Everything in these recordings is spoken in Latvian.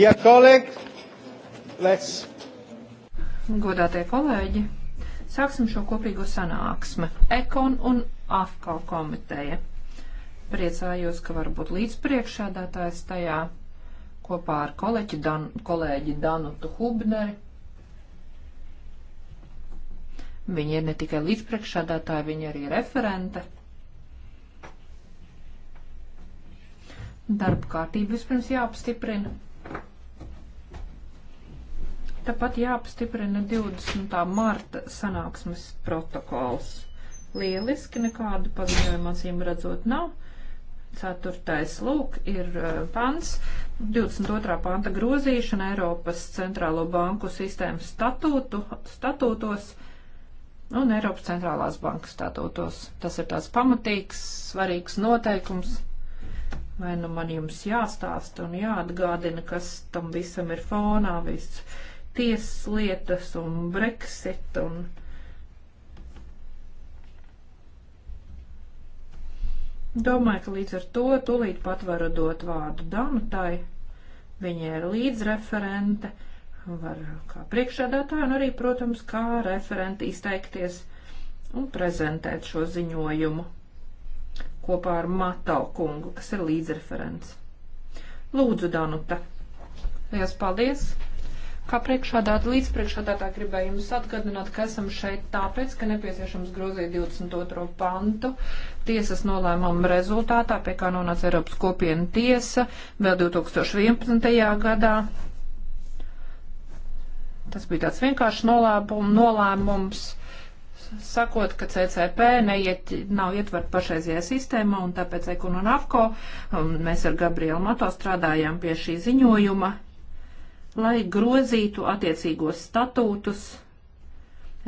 Dear colleague, let's. Godātie kolēģi, sāksim šo kopīgo sanāksmi. Ekon un AFKO komiteja. Priecājos, ka varbūt līdzpriekšādātājs tajā kopā ar kolēģi, Dan, kolēģi Danutu Hubneri. Viņa ir ne tikai līdzpriekšādātāja, viņa arī referente. Darba kārtība vispirms jāapstiprina. Tāpat jāapstiprina 20. marta sanāksmes protokols. Lieliski, nekādu paziņojumu acīm redzot nav. Ceturtais lūk ir eh, pants. 22. panta grozīšana Eiropas centrālo banku sistēmas statūtu, statūtos un Eiropas centrālās bankas statūtos. Tas ir tāds pamatīgs, svarīgs noteikums. Vai nu man jums jāstāsta un jāatgādina, kas tam visam ir fonā, viss tieslietas un Brexit un. Domāju, ka līdz ar to tūlīt pat varu dot vārdu Danutai. Viņa ir līdzreferente, var kā priekšādātāja un arī, protams, kā referente izteikties un prezentēt šo ziņojumu kopā ar Matau kungu, kas ir līdzreferents. Lūdzu, Danuta! Lielas paldies! Kā priekšādātā, līdzpriekšādātā gribēju jums atgādināt, ka esam šeit tāpēc, ka nepieciešams grozīt 22. pantu tiesas nolēmumu rezultātā, pie kā nonāca Eiropas kopiena tiesa vēl 2011. gadā. Tas bija tāds vienkāršs nolēmums. nolēmums sakot, ka CCP neiet, nav ietvert pašreizajā sistēmā, un tāpēc Ekun un Afko, un mēs ar Gabrielu Mato strādājām pie šī ziņojuma, lai grozītu attiecīgos statūtus,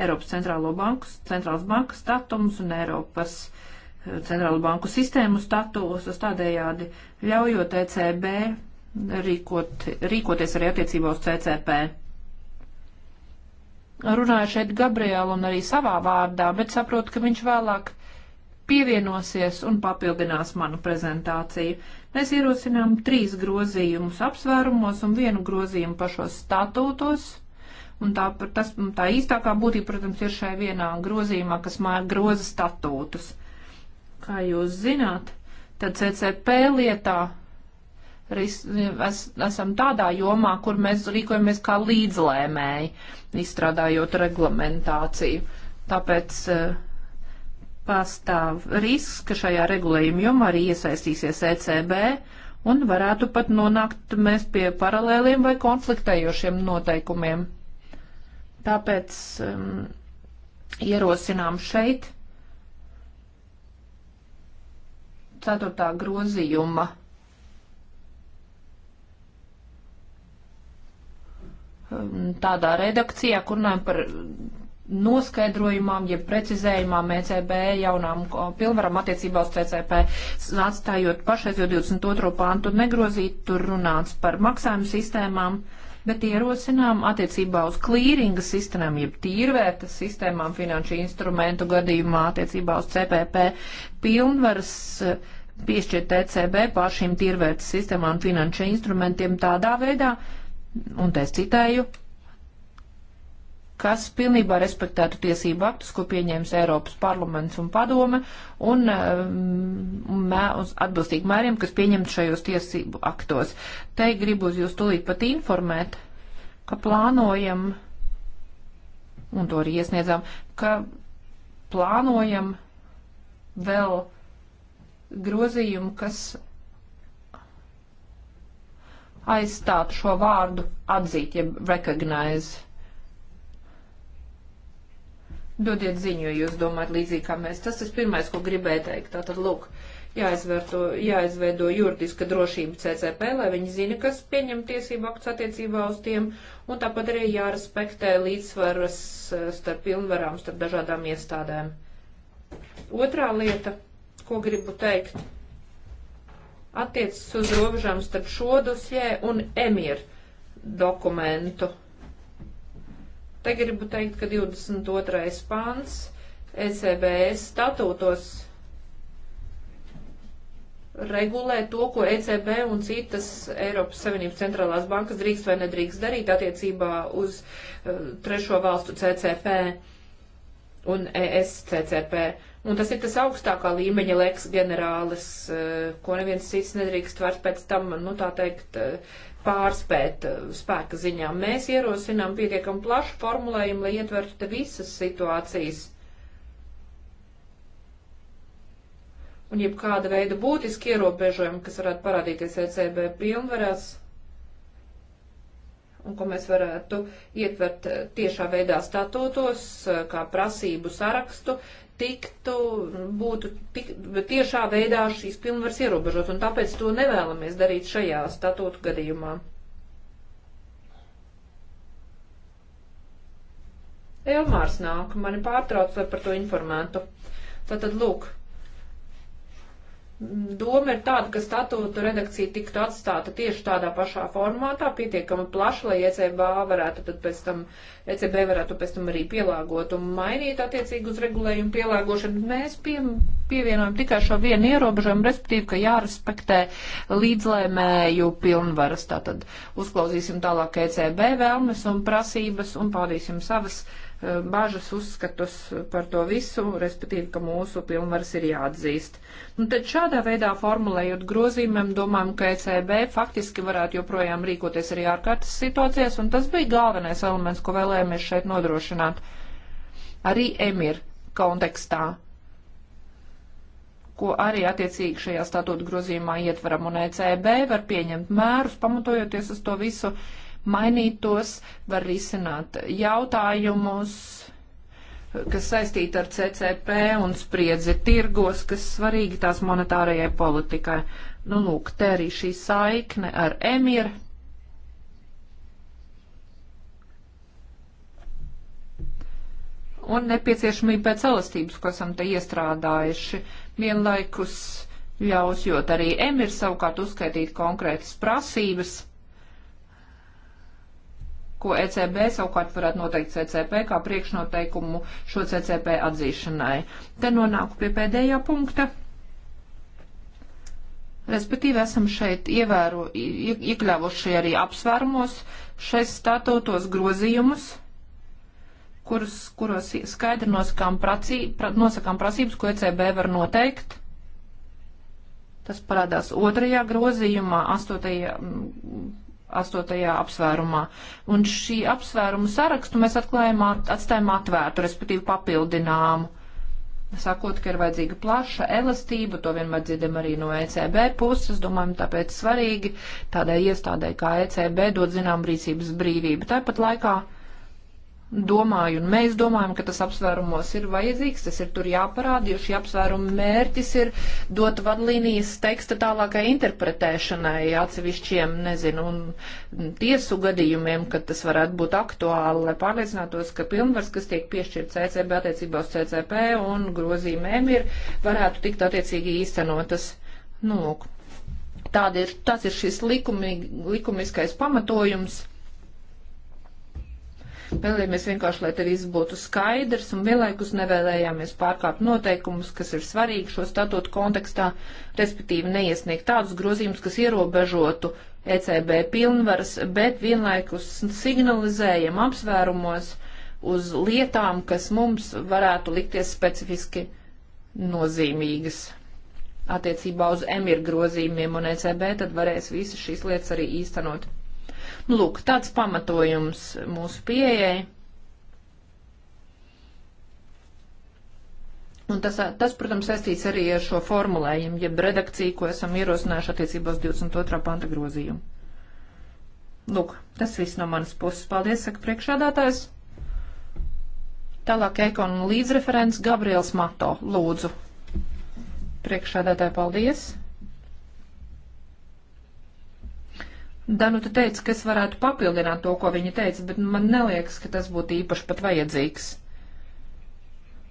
Eiropas centrālo banku, centrālas bankas statumus un Eiropas eh, centrālo banku sistēmu statusus, tādējādi ļaujot ECB rīkot, rīkoties arī attiecībā uz CCP. Runāju šeit Gabrielu un arī savā vārdā, bet saprotu, ka viņš vēlāk pievienosies un papildinās manu prezentāciju. Mēs ierosinām trīs grozījumus apsvērumos un vienu grozījumu pašos statūtos. Un tā, tas, tā īstākā būtība, protams, ir šai vienā grozījumā, kas māja groza statūtus. Kā jūs zināt, tad CCP lietā es, esam tādā jomā, kur mēs rīkojamies kā līdzlēmēji, izstrādājot reglamentāciju. Tāpēc uh, pastāv risks, ka šajā regulējuma jomā arī iesaistīsies ECB un varētu pat nonākt mēs pie paralēliem vai konfliktējošiem noteikumiem. Tāpēc um, ierosinām šeit ceturtā grozījuma um, tādā redakcijā, kur runājam par noskaidrojumām, jeb precizējumām ECB jaunām pilnvaram attiecībā uz CCP, atstājot pašreiz jau 22. pantu negrozīt, tur runāts par maksājumu sistēmām, bet ierosinām attiecībā uz klīringa sistēmām, jeb tīrvērtas sistēmām finanšu instrumentu gadījumā attiecībā uz CPP pilnvaras e, piešķirt ECB pašiem tīrvērtas sistēmām finanšu instrumentiem tādā veidā, un te citēju, kas pilnībā respektētu tiesību aktus, ko pieņēmis Eiropas parlaments un padome, un, un um, mē, uz atbilstīgi mēriem, kas pieņemt šajos tiesību aktos. Te gribu uz jūs tulīt pat informēt, ka plānojam, un to arī iesniedzām, ka plānojam vēl grozījumu, kas aizstātu šo vārdu atzīt, ja recognize Dodiet ziņu, jo jūs domājat līdzīgi kā mēs. Tas tas pirmais, ko gribēju teikt. Tātad, lūk, jāizvērto, jāizveido juridiska drošība CCP, lai viņi zina, kas pieņem tiesību aktus attiecībā uz tiem, un tāpat arī jārespektē līdzsvaras eh, starp pilnvarām, starp dažādām iestādēm. Otrā lieta, ko gribu teikt, attiecas uz robežām starp šo dosjē un emir dokumentu Te gribu teikt, ka 22. pāns ECBS statūtos regulē to, ko ECB un citas Eiropas Savienības centrālās bankas drīkst vai nedrīkst darīt attiecībā uz uh, trešo valstu CCP un ESCCP. Un tas ir tas augstākā līmeņa leks generālis, uh, ko neviens cits nedrīkst vairs pēc tam, nu tā teikt, uh, pārspēt eh, spēka ziņā. Mēs ierosinām pietiekam plašu formulējumu, lai ietvertu te visas situācijas. Un jebkāda veida būtiski ierobežojumi, kas varētu parādīties ECB pilnvarās un ko mēs varētu ietvert tiešā veidā statūtos, eh, kā prasību sarakstu, tiktu, būtu tik, tiešā veidā šīs pilnvaras ierobežot, un tāpēc to nevēlamies darīt šajā statūtu gadījumā. Elmārs nāk, mani pārtrauc, lai par to informētu. Tātad, lūk, doma ir tāda, ka statūta redakcija tiktu atstāta tieši tādā pašā formātā, pietiekami plaši, lai ECB varētu tad pēc tam, ECB varētu pēc tam arī pielāgot un mainīt attiecīgi uz regulējumu pielāgošanu. Mēs pie, pievienojam tikai šo vienu ierobežojumu, respektīvi, ka jārespektē līdzlēmēju pilnvaras. Tātad uzklausīsim tālāk ECB vēlmes un prasības un pārīsim savas bažas uzskatus par to visu, respektīvi, ka mūsu pilnvaras ir jāatzīst. Nu, tad šādā veidā formulējot grozījumiem, domājam, ka ECB faktiski varētu joprojām rīkoties arī ārkārtas situācijās, un tas bija galvenais elements, ko vēlējāmies šeit nodrošināt. Arī emir kontekstā ko arī attiecīgi šajā statūta grozījumā ietveram, un ECB var pieņemt mērus, pamatojoties uz to visu mainīt tos, var risināt jautājumus, kas saistīti ar CCP un spriedzi tirgos, kas svarīgi tās monetārajai politikai. Nu, lūk, te arī šī saikne ar emir. Un nepieciešamība pēc elastības, ko esam te iestrādājuši, vienlaikus ļaus, jo arī emir savukārt uzskaitīt konkrētas prasības ko ECB savukārt varētu noteikt CCP kā priekšnoteikumu šo CCP atzīšanai. Te nonāku pie pēdējā punkta. Respektīvi esam šeit ievēro, iekļāvuši arī apsvērumos šais statūtos grozījumus, kurus, kuros skaidri nosakām, pracī, pra, nosakām prasības, ko ECB var noteikt. Tas parādās otrajā grozījumā, astotajā astotajā apsvērumā. Un šī apsvērumu sarakstu mēs atklājām, atstājām atvērtu, respektīvi papildināmu. Sakot, ka ir vajadzīga plaša elastība, to vienmēr dzirdam arī no ECB puses, domājam, tāpēc svarīgi tādai iestādai kā ECB dot zinām rīcības brīvību. Tāpat laikā domāju, un mēs domājam, ka tas apsvērumos ir vajadzīgs, tas ir tur jāparāda, jo šī apsvēruma mērķis ir dot vadlīnijas teksta tālākai interpretēšanai atsevišķiem, nezinu, un tiesu gadījumiem, kad tas varētu būt aktuāli, lai pārliecinātos, ka pilnvars, kas tiek piešķirts e CCB attiecībā uz CCP un grozīmēm ir, varētu tikt attiecīgi īstenotas. Nu, Tāda ir, tas ir šis likumi, likumiskais pamatojums Vēlējāmies vienkārši, lai te viss būtu skaidrs un vienlaikus nevēlējāmies pārkāpt noteikumus, kas ir svarīgi šo statūtu kontekstā, respektīvi neiesniegt tādus grozījumus, kas ierobežotu ECB pilnvaras, bet vienlaikus signalizējam apsvērumos uz lietām, kas mums varētu likties specifiski nozīmīgas attiecībā uz emir grozījumiem un ECB, tad varēs visas šīs lietas arī īstenot. Nu, lūk, tāds pamatojums mūsu pieejai. Un tas, tas, protams, saistīts arī ar šo formulējumu, jeb redakciju, ko esam ierosinājuši attiecībā uz 22. panta grozījumu. Lūk, tas viss no manas puses. Paldies, saka priekšādātājs. Tālāk ekonu līdzreferents Gabriels Mato. Lūdzu. Priekšādātāji, paldies. Danuta teica, ka es varētu papildināt to, ko viņa teica, bet man neliekas, ka tas būtu īpaši pat vajadzīgs.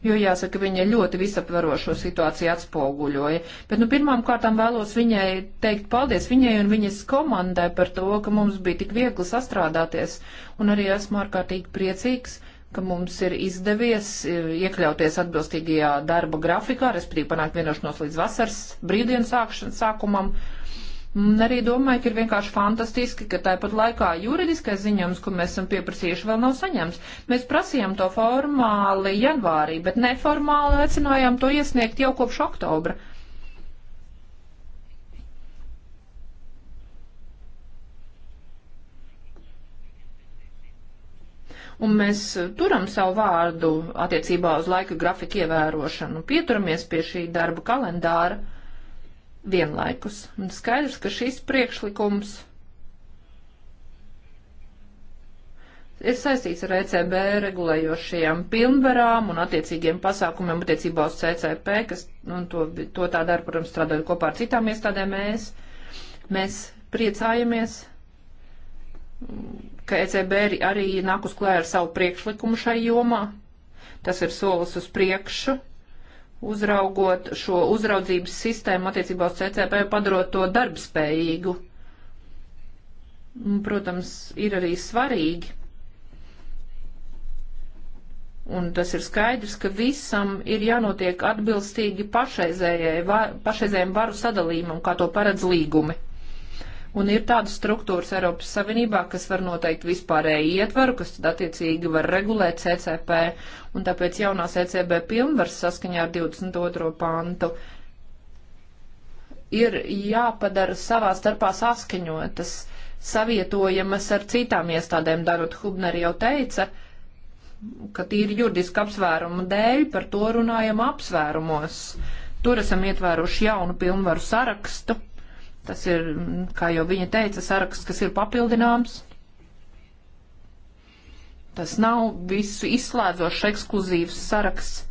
Jo jāsaka, viņa ļoti visaptvarošo situāciju atspoguļoja. Bet nu, pirmām kārtām vēlos viņai teikt paldies viņai un viņas komandai par to, ka mums bija tik viegli sastrādāties. Un arī esmu ārkārtīgi priecīgs, ka mums ir izdevies e, iekļauties atbilstīgajā darba grafikā, respektīvi panākt vienošanos līdz vasaras brīvdienas sākumam. Uh, Un arī domāju, ka ir vienkārši fantastiski, ka tāpat laikā juridiskais ziņojums, ko mēs esam pieprasījuši, vēl nav saņemts. Mēs prasījām to formāli janvārī, bet neformāli aicinājām to iesniegt jau kopš oktobra. Un mēs turam savu vārdu attiecībā uz laika grafika ievērošanu, pieturamies pie šī darba kalendāra vienlaikus. Un skaidrs, ka šis priekšlikums ir saistīts ar ECB regulējošajām pilnvarām un attiecīgiem pasākumiem attiecībā uz CCP, kas, un nu, to, to tā dara, protams, strādājot kopā ar citām iestādēm, mēs, e mēs priecājamies, ka ECB arī nāk uz klē ar savu priekšlikumu šai jomā. Tas ir solis uz priekšu, uzraugot šo uzraudzības sistēmu attiecībā uz CCP, padarot to darbspējīgu. Protams, ir arī svarīgi. Un tas ir skaidrs, ka visam ir jānotiek atbilstīgi pašreizējiem varu sadalījumam, kā to paredz līgumi. Un ir tādas struktūras Eiropas Savienībā, kas var noteikt vispārēju ietvaru, kas tad attiecīgi var regulēt CCP. Un tāpēc jaunās ECB pilnvars saskaņā ar 22. pantu ir jāpadara savā starpā saskaņotas, savietojamas ar citām iestādēm. Darot Hubner jau teica, ka tīri juridiski apsvērumu dēļ par to runājam apsvērumos. Tur esam ietvēruši jaunu pilnvaru sarakstu Tas ir, kā jau viņa teica, saraksts, kas ir papildināms. Tas nav visu izslēdzošs ekskluzīvs saraksts.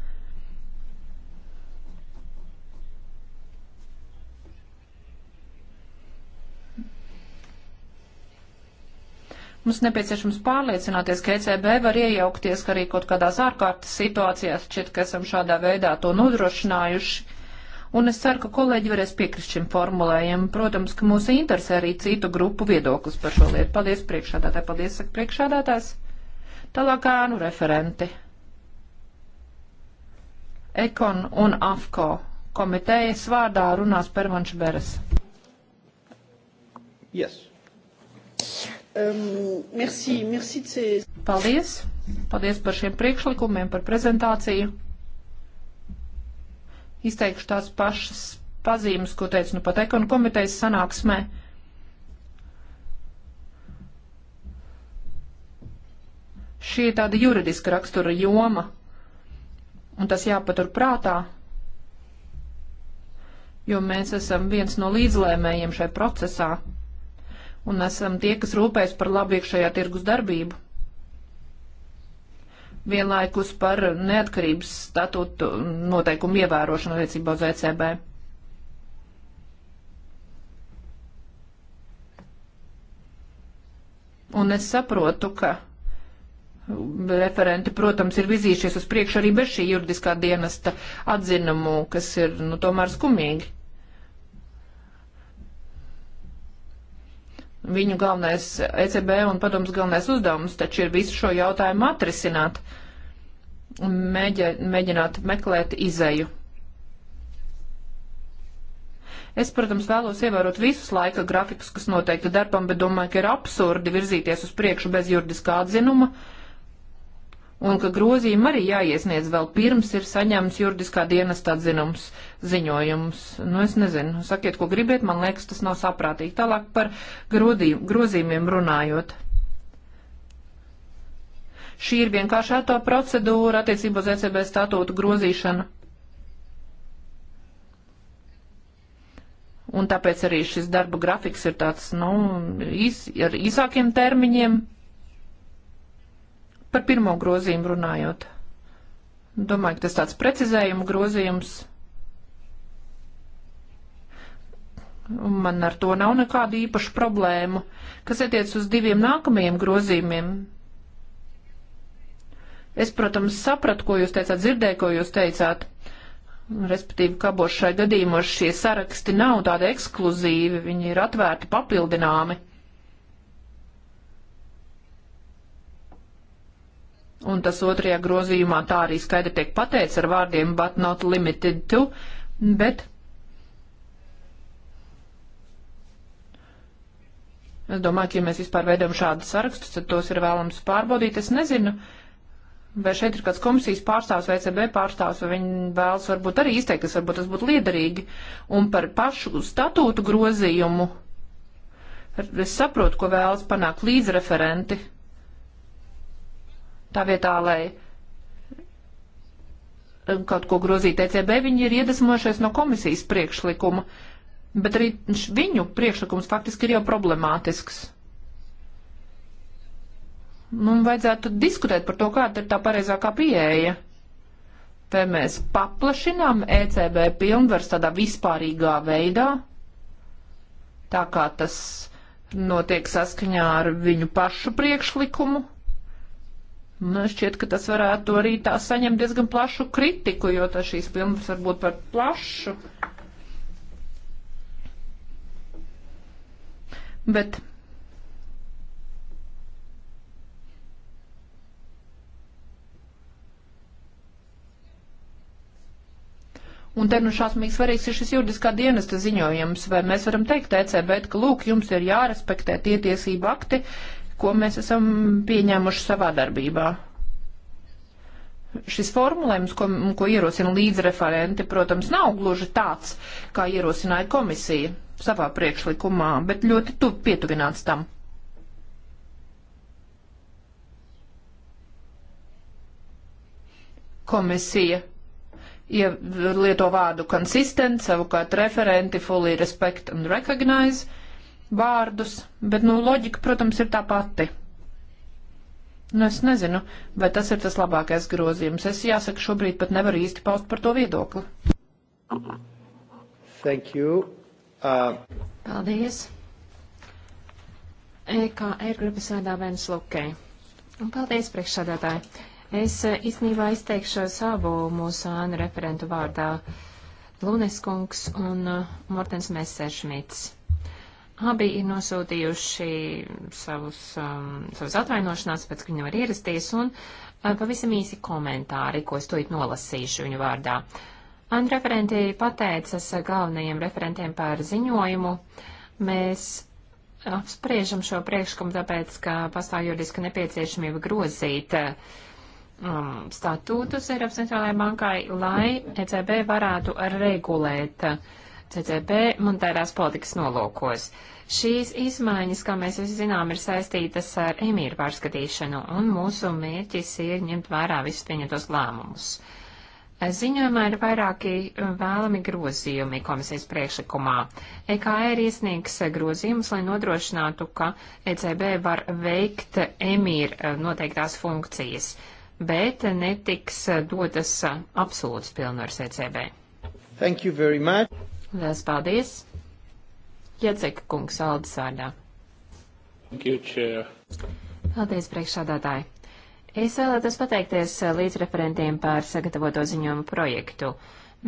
Mums nepieciešams pārliecināties, ka ECB var iejaukties arī kaut kādās ārkārtas situācijās, šķiet, ka esam šādā veidā to nodrošinājuši un es ceru, ka kolēģi varēs piekrist šim formulējumam. Protams, ka mūs interesē arī citu grupu viedoklis par šo lietu. Paldies priekšādātāji, paldies, saka priekšādātājs. Tālāk ēnu referenti. Ekon un AFKO komitejas vārdā runās Pervanš Beres. Yes. Um, merci, merci ces... Paldies. Paldies par šiem priekšlikumiem, par prezentāciju izteikšu tās pašas pazīmes, ko teicu nu pat ekonu komitejas sanāksmē. Šī ir tāda juridiska rakstura joma, un tas jāpatur prātā, jo mēs esam viens no līdzlēmējiem šai procesā, un esam tie, kas rūpēs par labu iekšējā tirgus darbību vienlaikus par neatkarības statutu noteikumu ievērošanu attiecībā uz ECB. Un es saprotu, ka referenti, protams, ir vizījušies uz priekšu arī bez šī juridiskā dienesta atzinumu, kas ir, nu, tomēr skumīgi. Viņu galvenais ECB un padoms galvenais uzdevums taču ir visu šo jautājumu atrisināt un mēģi, mēģināt meklēt izēju. Es, protams, vēlos ievērot visus laika grafikus, kas noteikti darbam, bet domāju, ka ir absurdi virzīties uz priekšu bez juridiskā atzinuma. Uh, un ka grozījumi arī jāiesniedz vēl pirms ir saņemts juridiskā dienesta atzinums ziņojums. Nu, es nezinu, sakiet, ko gribiet, man liekas, tas nav saprātīgi. Tālāk par grozījumiem runājot. Šī ir vienkārši tā procedūra attiecībā uz ECB statūtu grozīšanu. Un tāpēc arī šis darba grafiks ir tāds, nu, īs, ar īsākiem termiņiem. Par pirmo grozījumu runājot. Domāju, ka tas tāds precizējumu grozījums. Man ar to nav nekādu īpašu problēmu. Kas attiec uz diviem nākamajiem grozījumiem? Es, protams, sapratu, ko jūs teicāt, dzirdēju, ko jūs teicāt. Respektīvi, ka abos šai gadījumos šie saraksti nav tādi ekskluzīvi, viņi ir atvērti, papildināmi. un tas otrajā grozījumā tā arī skaidri tiek pateicis ar vārdiem but not limited to, bet Es domāju, ka, ja mēs vispār veidojam šādus sarakstus, tad tos ir vēlams pārbaudīt. Es nezinu, vai šeit ir kāds komisijas pārstāvs vai ECB pārstāvs, vai viņi vēlas varbūt arī izteikties, varbūt tas būtu liederīgi. Un par pašu statūtu grozījumu es saprotu, ko vēlas panākt līdzreferenti. referenti Tā vietā, lai eh, kaut ko grozītu ECB, viņi ir iedvesmojušies no komisijas priekšlikuma, bet arī viņu priekšlikums faktiski ir jau problemātisks. Mums nu, vajadzētu diskutēt par to, kāda ir tā pareizākā pieeja. Vai mēs paplašinām ECB pilnvars tādā vispārīgā veidā, tā kā tas notiek saskaņā ar viņu pašu priekšlikumu, Nu, šķiet, ka tas varētu arī tā saņemt diezgan plašu kritiku, jo tā šīs filmas varbūt par plašu. Bet Un te nu šausmīgi svarīgs ir šis juridiskā dienesta ziņojums, vai mēs varam teikt ECB, ka lūk, jums ir jārespektē tie tiesību akti, uh, ko mēs esam pieņēmuši savā darbībā. Šis formulējums, ko, ko ierosina līdzreferenti, protams, nav gluži tāds, kā ierosināja komisija savā priekšlikumā, bet ļoti tu, pietuvināts tam. Komisija ja lieto vārdu consistent, savukārt referenti fully respect and recognize vārdus, bet, nu, loģika, protams, ir tā pati. Nu, es nezinu, vai tas ir tas labākais grozījums. Es jāsaka, šobrīd pat nevaru īsti paust par to viedokli. Thank you. Uh... Paldies. EKR grupas vārdā Vēns Lukē. Un paldies, priekšsādātāji. Es eh, īstenībā izteikšu savu mūsu ānu referentu vārdā Luneskungs un eh, Mortens Messeršmits. Abi ir nosūtījuši savus, um, savus atvainošanās, pēc ka viņi var ierasties, un uh, pavisam īsi komentāri, ko es to it nolasīšu viņu vārdā. Un referenti pateicas galvenajiem referentiem par ziņojumu. Mēs apspriežam šo priekšlikumu tāpēc, ka pastāv juridiska nepieciešamība grozīt uh, um, statūtus Eiropas centrālajai bankai, lai ECB varētu regulēt uh, CCP monetārās politikas nolūkos. Šīs izmaiņas, kā mēs visi zinām, ir saistītas ar emīru pārskatīšanu, un mūsu mērķis ir ņemt vērā visus pieņemtos lēmumus. Ziņojumā ir vairāki uh, vēlami grozījumi komisijas priekšlikumā. EKR iesniegs uh, grozījumus, lai nodrošinātu, ka ECB var veikt emīra uh, noteiktās funkcijas, bet netiks dotas absolūts pilnvars ECB. Thank you very much. Lielas paldies! Ieceka kungs Aldis vārdā. Paldies, priekšsādātāji! Es vēlētos pateikties eh, līdzreferentiem par sagatavoto ziņojumu projektu.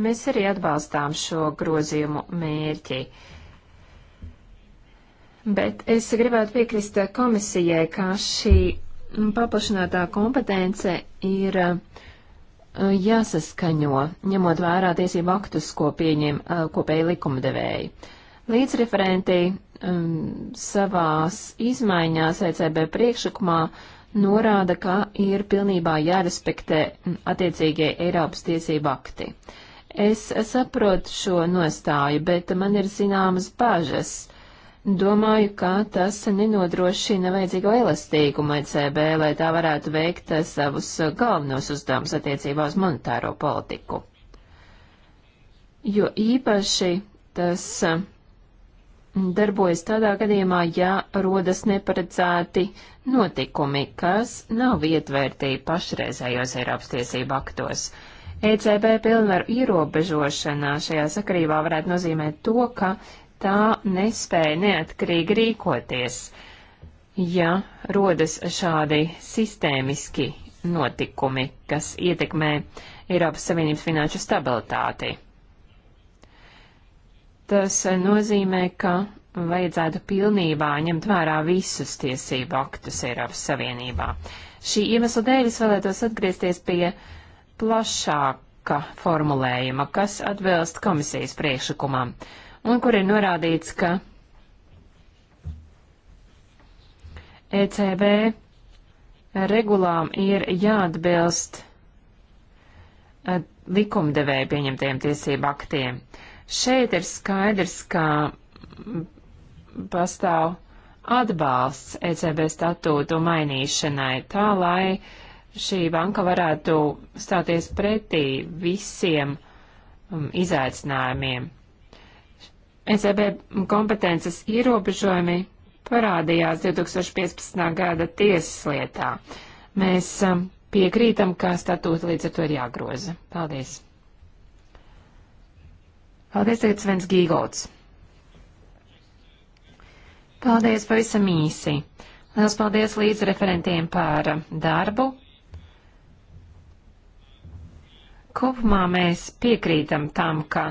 Mēs arī atbalstām šo grozījumu mērķi. Bet es gribētu piekrist komisijai, ka šī paplašinātā kompetence ir uh, Uh, jāsaskaņo, ņemot vērā tiesību aktus, ko pieņem uh, kopēji likumdevēji. Līdzreferenti um, savās izmaiņās ECB priekšlikumā norāda, ka ir pilnībā jārespektē attiecīgie Eiropas tiesību akti. Es saprotu šo nostāju, bet man ir zināmas bažas Domāju, ka tas nenodrošina vajadzīgo elastīgumu ECB, lai tā varētu veikt savus galvenos uzdevumus attiecībā uz monetāro politiku. Jo īpaši tas darbojas tādā gadījumā, ja rodas neparedzēti notikumi, kas nav ietvērtī pašreizējos Eiropas tiesību aktos. ECB pilnvaru ierobežošana šajā sakarībā varētu nozīmēt to, ka tā nespēja neatkarīgi rīkoties, ja rodas šādi sistēmiski notikumi, kas ietekmē Eiropas Savienības finanšu stabilitāti. Tas nozīmē, ka vajadzētu pilnībā ņemt vērā visus tiesību aktus Eiropas Savienībā. Šī iemesla dēļ es vēlētos atgriezties pie plašāka formulējuma, kas atbilst komisijas priekšlikumam un kur ir norādīts, ka ECB regulām ir jāatbilst eh, likumdevēja pieņemtajiem tiesību aktiem. Šeit ir skaidrs, ka pastāv atbalsts ECB statūtu mainīšanai, tā lai šī banka varētu stāties pretī visiem um, izaicinājumiem. ECB kompetences ierobežojumi parādījās 2015. gada tiesas lietā. Mēs um, piekrītam, ka statūta līdz ar to ir jāgroza. Paldies! Paldies, tagad Svens Gīgolds. Paldies pavisam īsi. Liels paldies līdz referentiem par um, darbu. Kopumā mēs piekrītam tam, ka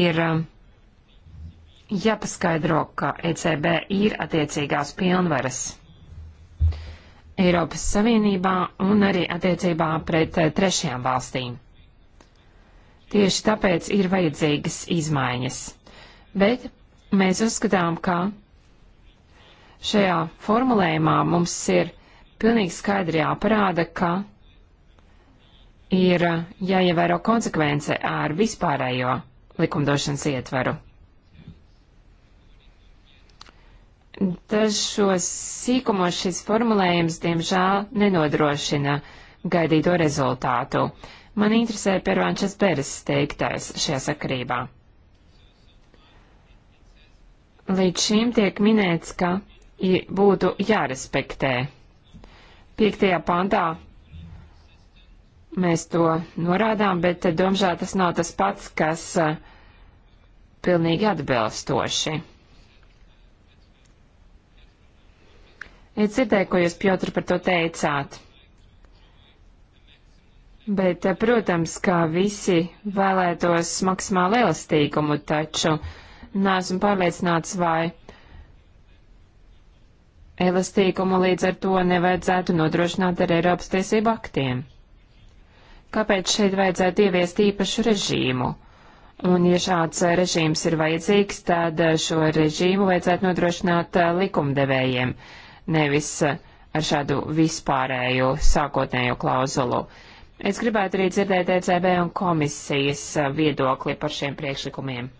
ir um, jāpaskaidro, ka ECB ir attiecīgās pilnvaras Eiropas Savienībā un arī attiecībā pret eh, trešajām valstīm. Tieši tāpēc ir vajadzīgas izmaiņas. Bet mēs uzskatām, ka šajā formulējumā mums ir pilnīgi skaidri jāparāda, ka ir eh, jāievēro konsekvence ar vispārējo likumdošanas ietvaru. Dažos sīkumos šis formulējums, diemžēl, nenodrošina gaidīto rezultātu. Man interesē Pervāņšas Beres teiktais šajā sakarībā. Līdz šim tiek minēts, ka būtu jārespektē. Piektajā pantā mēs to norādām, bet eh, domžēl tas nav tas pats, kas eh, pilnīgi atbilstoši. Es dzirdēju, ko jūs, Piotr, par to teicāt. Bet, eh, protams, kā visi vēlētos maksimālu elastīgumu, taču neesmu pārliecināts, vai elastīgumu līdz ar to nevajadzētu nodrošināt ar Eiropas tiesību aktiem. Kāpēc šeit vajadzētu ieviest īpašu režīmu? Un, ja šāds režīms ir vajadzīgs, tad eh, šo režīmu vajadzētu nodrošināt eh, likumdevējiem. Uh, nevis eh, ar šādu vispārēju sākotnējo klauzulu. Es gribētu arī dzirdēt ECB un komisijas eh, viedokli par šiem priekšlikumiem.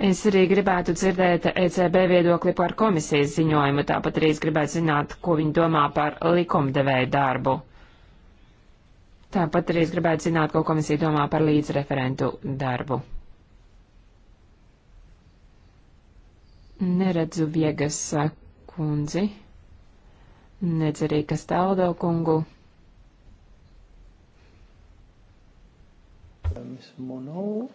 Es arī gribētu dzirdēt ECB viedokli par komisijas ziņojumu, tāpat arī es gribētu zināt, ko viņi domā par likumdevēju darbu. Tāpat arī es gribētu zināt, ko komisija domā par līdzreferentu darbu. Neredzu viegas kundzi, nedz arī kas taldo kungu. Mono,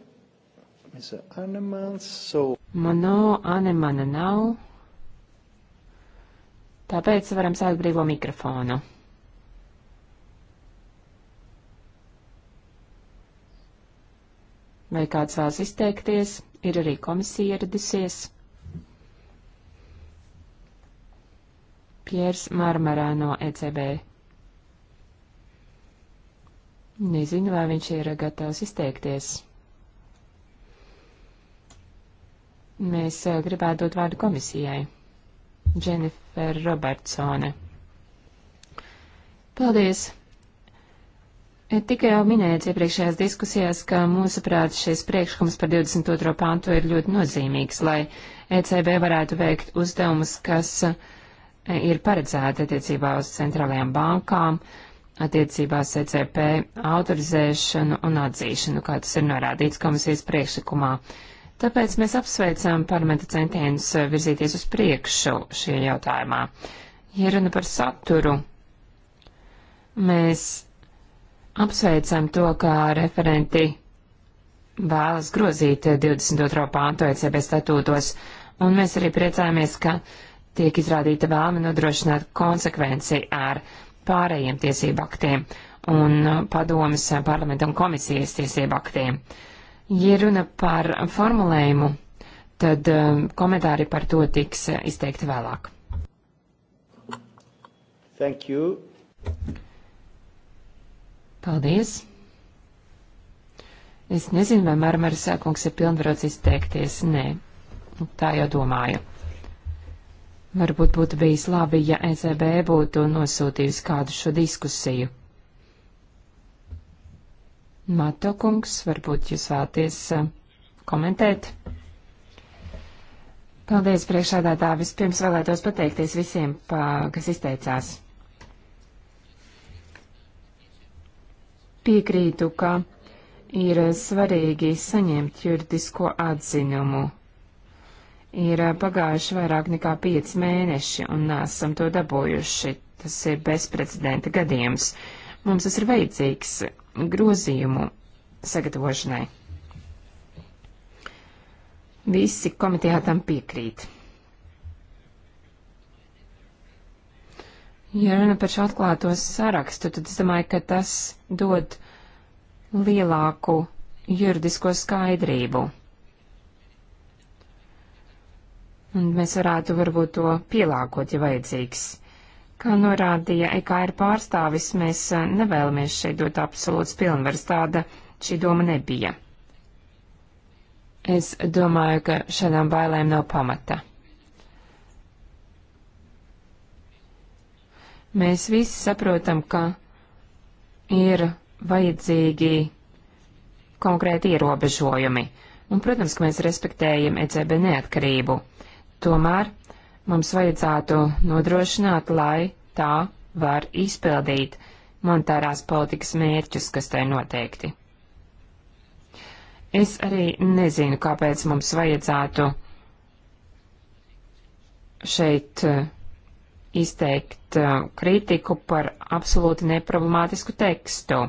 Anemans, so... Mono Anemana nav, tāpēc varam sākt brīvo mikrofonu. Vai kāds vēlas izteikties? Ir arī komisija ieradusies. Piers Marmarā no ECB. Nezinu, vai viņš ir gatavs izteikties. Mēs eh, gribētu dot vārdu komisijai. Dženifer Robertsone. Paldies! E, tikai jau minēts iepriekšējās diskusijās, ka mūsuprāt šis priekšlikums par 22. pantu ir ļoti nozīmīgs, lai ECB varētu veikt uzdevumus, kas uh, ir paredzēti attiecībā uz centrālajām bankām, attiecībā CCP autorizēšanu un atzīšanu, kā tas ir norādīts komisijas priekšlikumā. Tāpēc mēs apsveicam parlamenta centienus virzīties uz priekšu šie jautājumā. Ja runa par saturu, mēs apsveicam to, kā referenti vēlas grozīt 22. pāntu ECB statūtos, un mēs arī priecājamies, ka uh, tiek izrādīta vēlme nodrošināt konsekvenci ar pārējiem tiesību aktiem un padomas parlamentam komisijas tiesību aktiem. Ja runa par formulējumu, tad um, komentāri par to tiks izteikti vēlāk. Thank you. Paldies. Es nezinu, vai Marmaras kungs ir pilnvarots izteikties. Nē, tā jau domāju. Varbūt būtu bijis labi, ja ECB būtu nosūtījusi kādu šo diskusiju. Mato kungs, varbūt jūs vēlaties eh, komentēt? Paldies, priekšādātā. Vispirms vēlētos pateikties visiem, pa, kas izteicās. Piekrītu, ka ir svarīgi saņemt juridisko atzinumu Ir eh, pagājuši vairāk nekā 5 mēneši, un esam to dabūjuši. Tas ir bezprecedenta gadījums. Mums tas ir vajadzīgs grozījumu sagatavošanai. Visi komitejā tam piekrīt. Ja runa par šo atklāto sarakstu, tad es domāju, ka tas dod lielāku juridisko skaidrību. un mēs varētu varbūt to pielāgot, ja vajadzīgs. Kā norādīja EKR pārstāvis, mēs eh, nevēlamies šeit dot absolūts pilnvars, tāda šī doma nebija. Es domāju, ka šādām bailēm nav pamata. Mēs visi saprotam, ka ir vajadzīgi konkrēti ierobežojumi, un, protams, ka mēs respektējam ECB neatkarību. Tomēr mums vajadzētu nodrošināt, lai tā var izpildīt monetārās politikas mērķus, kas tai noteikti. Es arī nezinu, kāpēc mums vajadzētu šeit eh, izteikt eh, kritiku par absolūti neproblemātisku tekstu.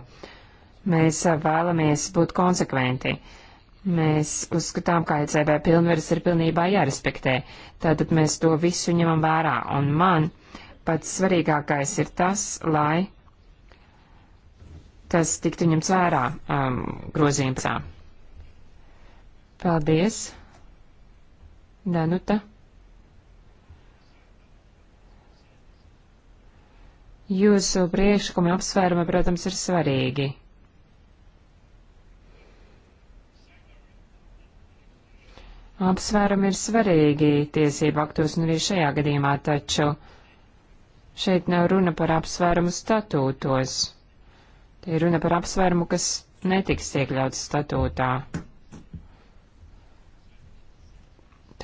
Mēs eh, vēlamies būt konsekventi. Uh, Mēs uzskatām, ka ECB pilnvaras ir pilnībā jārespektē, tātad mēs to visu ņemam vērā, un man pats svarīgākais ir tas, lai tas tiktu ņemts vērā um, grozījumā. Paldies, Danuta. Jūsu priekšlikumi apsvērumi, protams, ir svarīgi. apsvērumi ir svarīgi tiesību aktos un arī šajā gadījumā, taču šeit nav runa par apsvērumu statūtos. Te ir runa par apsvērumu, kas netiks iekļauts statūtā.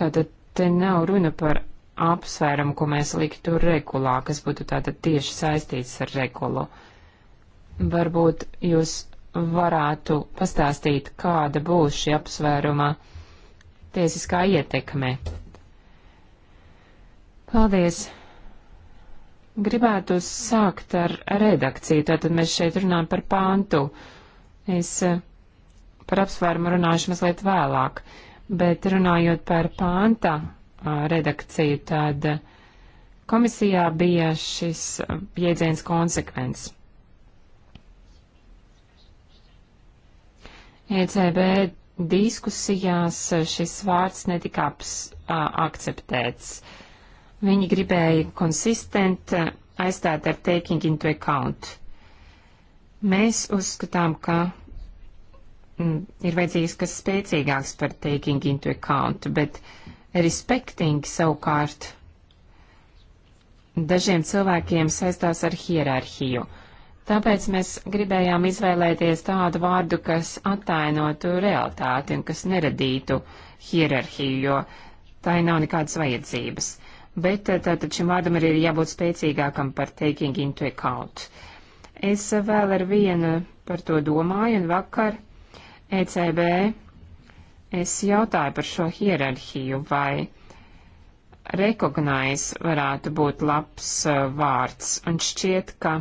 Tātad te nav runa par apsvērumu, ko mēs liktu regulā, kas būtu tātad tieši saistīts ar regulu. Varbūt jūs varētu pastāstīt, kāda būs šī apsvēruma tiesiskā ietekme. Paldies! Gribētu sākt ar redakciju, tātad mēs šeit runājam par pāntu. Es eh, par apsvērumu runāšu mazliet vēlāk, bet runājot par pānta eh, redakciju, tad komisijā bija šis eh, jēdziens konsekvents. ECB diskusijās šis vārds netika aps, a, akceptēts. Viņi gribēja konsistent aizstāt ar taking into account. Mēs uzskatām, ka m, ir vajadzīgs kas spēcīgāks par taking into account, bet respecting savukārt dažiem cilvēkiem saistās ar hierarhiju. Uh, Tāpēc mēs gribējām izvēlēties tādu vārdu, kas attainotu realitāti un kas neradītu hierarhiju, jo tai nav nekādas vajadzības. Bet eh, tātad šim vārdam arī ir jābūt spēcīgākam par taking into account. Es vēl ar vienu par to domāju, un vakar ECB es jautāju par šo hierarhiju, vai recognize varētu būt labs eh, vārds, un šķiet, ka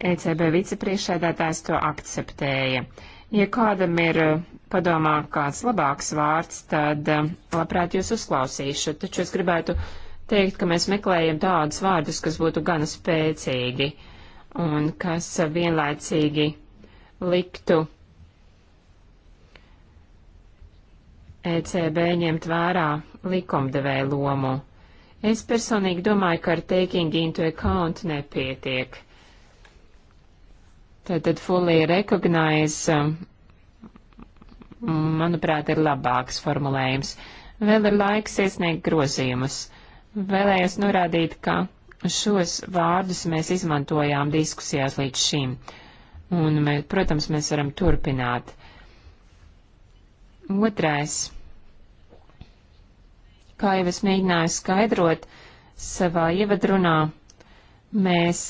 ECB vicepriekšēdētājs to akceptēja. Ja kādam ir eh, padomā kāds labāks vārds, tad eh, labprāt jūs uzklausīšu, taču es gribētu teikt, ka mēs meklējam tādus vārdus, kas būtu gana spēcīgi un kas vienlaicīgi liktu ECB ņemt vērā likumdevēja lomu. Es personīgi domāju, ka ar taking into account nepietiek. Tātad fully recognize, um, manuprāt, ir labāks formulējums. Vēl ir laiks iesniegt grozījumus. Vēlējos norādīt, ka šos vārdus mēs izmantojām diskusijās līdz šim. Un, mē, protams, mēs varam turpināt. Otrais. Kā jau es mēģināju skaidrot savā ievadrunā, mēs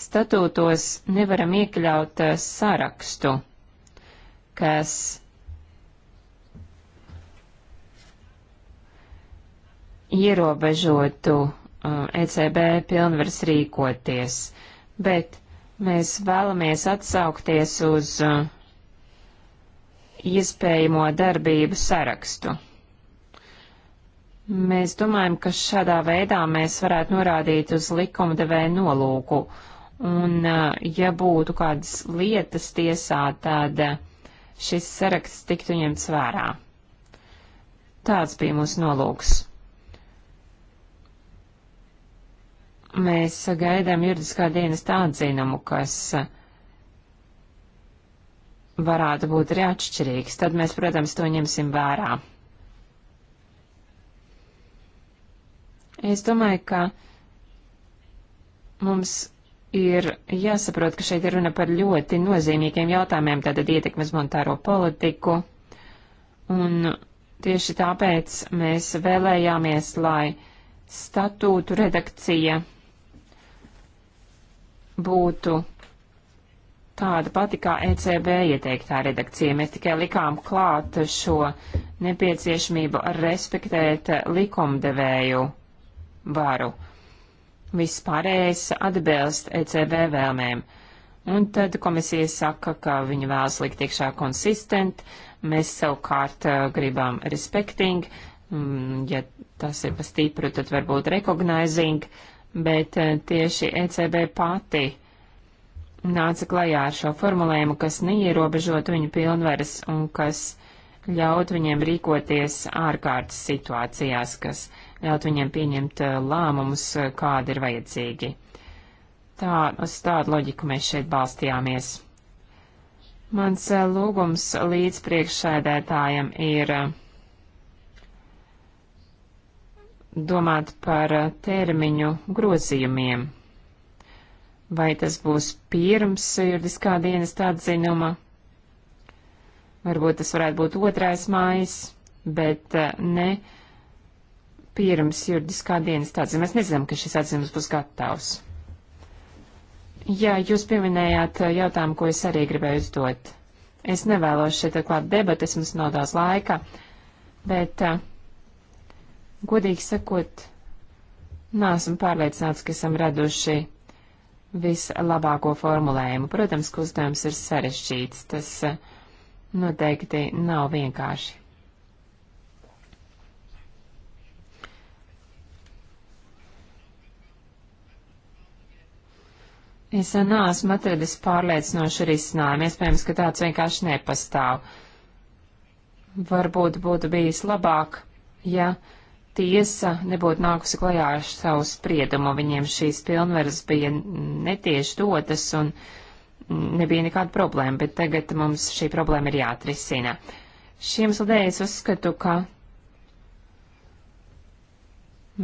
statūtos nevaram iekļaut eh, sarakstu, kas ierobežotu ECB eh, e pilnvars rīkoties, bet mēs vēlamies atsaukties uz eh, iespējamo darbību sarakstu. Mēs domājam, ka šādā veidā mēs varētu norādīt uz likumdevēja nolūku Un, ja būtu kādas lietas tiesā, tad šis saraksts tiktu ņemts vērā. Tāds bija mūsu nolūks. Mēs gaidām juridiskā dienas atzinumu, kas varētu būt arī atšķirīgs. Tad mēs, protams, to ņemsim vērā. Es domāju, ka mums ir jāsaprot, ka šeit ir runa par ļoti nozīmīgiem jautājumiem, tātad ietekmes monetāro politiku. Un tieši tāpēc mēs vēlējāmies, lai statūtu redakcija būtu tāda pati kā ECB ieteiktā redakcija. Mēs tikai likām klāt šo nepieciešamību respektēt likumdevēju varu. Vispārējais atbilst ECB vēlmēm. Un tad komisija saka, ka viņa vēlas likt iekšā konsistent, mēs savukārt uh, gribam respecting, mm, ja tas ir pa stipru, tad varbūt recognizing, bet uh, tieši ECB pati nāca klajā ar šo formulējumu, kas neierobežotu viņu pilnvaras un kas ļaut viņiem rīkoties ārkārtas situācijās, kas ļaut viņiem pieņemt eh, lēmumus, eh, kādi ir vajadzīgi. Tā, uz tādu loģiku mēs šeit balstījāmies. Mans eh, lūgums līdz priekšsēdētājam ir domāt par termiņu grozījumiem. Vai tas būs pirms juridiskā dienas atzinuma? Varbūt tas varētu būt otrais mājas, bet ne pirms juridiskā dienas tāds. Mēs nezinām, ka šis atzinums būs gatavs. Jā, jūs pieminējāt eh, jautājumu, ko es arī gribēju uzdot. Es nevēlos šeit atklāt debatas, mums nav daudz laika, bet, eh, godīgi sakot, Nāsmu pārliecināts, ka esam raduši vislabāko formulējumu. Protams, ka uzdevums ir sarešķīts, tas eh, noteikti nav vienkārši. Es neesmu atradis pārliecinošu risinājumu, iespējams, ka tāds vienkārši nepastāv. Varbūt būtu bijis labāk, ja tiesa nebūtu nākusi klajā ar savu spriedumu, viņiem šīs pilnvaras bija netieši dotas un nebija nekāda problēma, bet tagad mums šī problēma ir jāatrisina. Šiem sludēļ es uzskatu, ka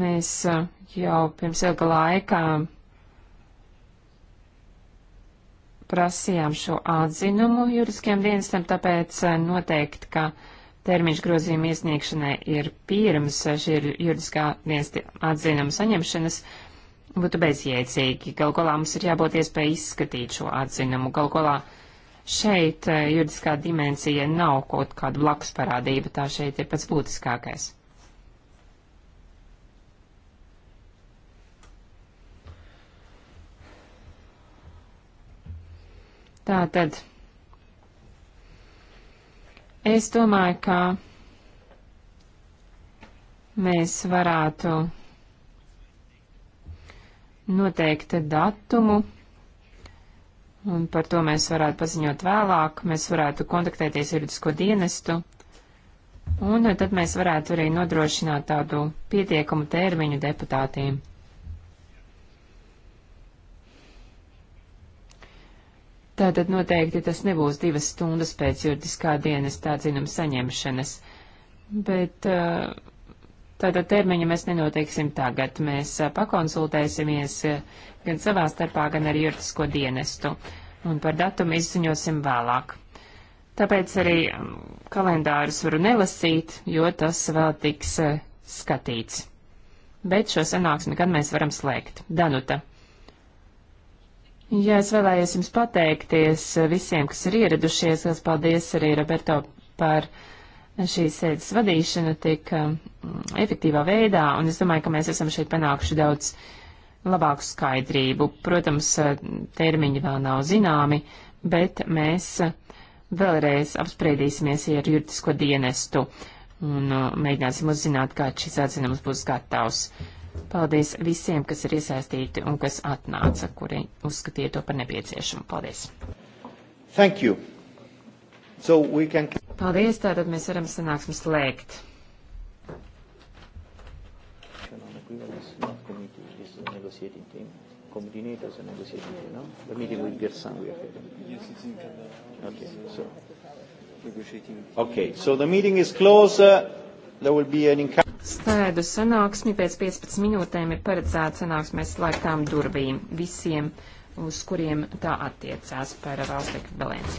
mēs uh, jau pirms ilga laika prasījām šo atzinumu juridiskiem dienestam, tāpēc eh, noteikti, ka termiņš grozījuma iesniegšanai ir pirms šī juridiskā dienesta atzinuma saņemšanas, būtu bezjēdzīgi. Gal galā mums ir jābūt iespēja izskatīt šo atzinumu. Gal galā šeit eh, juridiskā dimensija nav kaut kāda blakus parādība, tā šeit ir pats būtiskākais. Tātad. Es domāju, ka mēs varētu noteikt datumu, un par to mēs varētu paziņot vēlāk. Mēs varētu kontaktēties juridisko dienestu, un tad mēs varētu arī nodrošināt tādu pietiekumu termiņu deputātiem. Tātad noteikti tas nebūs divas stundas pēc juridiskā dienas tā dzinuma saņemšanas, bet tātad termiņa mēs nenoteiksim tagad. Mēs pakonsultēsimies gan savā starpā, gan ar juridisko dienestu, un par datumu izziņosim vēlāk. Tāpēc arī kalendārus varu nelasīt, jo tas vēl tiks skatīts. Bet šo sanāksmi gan mēs varam slēgt. Danuta. Jā, es vēlējos jums pateikties visiem, kas ir ieradušies. Es paldies arī Roberto par šīs sēdes vadīšanu tik um, efektīvā veidā, un es domāju, ka mēs esam šeit panākuši daudz labāku skaidrību. Protams, uh, termiņi vēl nav zināmi, bet mēs uh, vēlreiz apspriedīsimies ar juridisko dienestu un uh, mēģināsim uzzināt, kāds šis atzinums būs gatavs. Paldies visiem, kas ir iesaistīti un kas atnāca, kuri uzskatīja to par nepieciešamu. Paldies! Thank you. So we can... Paldies, tātad mēs varam sanāksmi slēgt. negotiating team, coordinators and negotiating team, no? The meeting with Gersan we are having. Yes, it's in Canada. Okay, so. Negotiating. Okay, so the meeting is closed. Uh, Slēdu sanāksmi pēc 15 minūtēm ir paredzēta sanāksmēs slēgtām durvīm visiem, uz kuriem tā attiecās par valsts ekvivalents.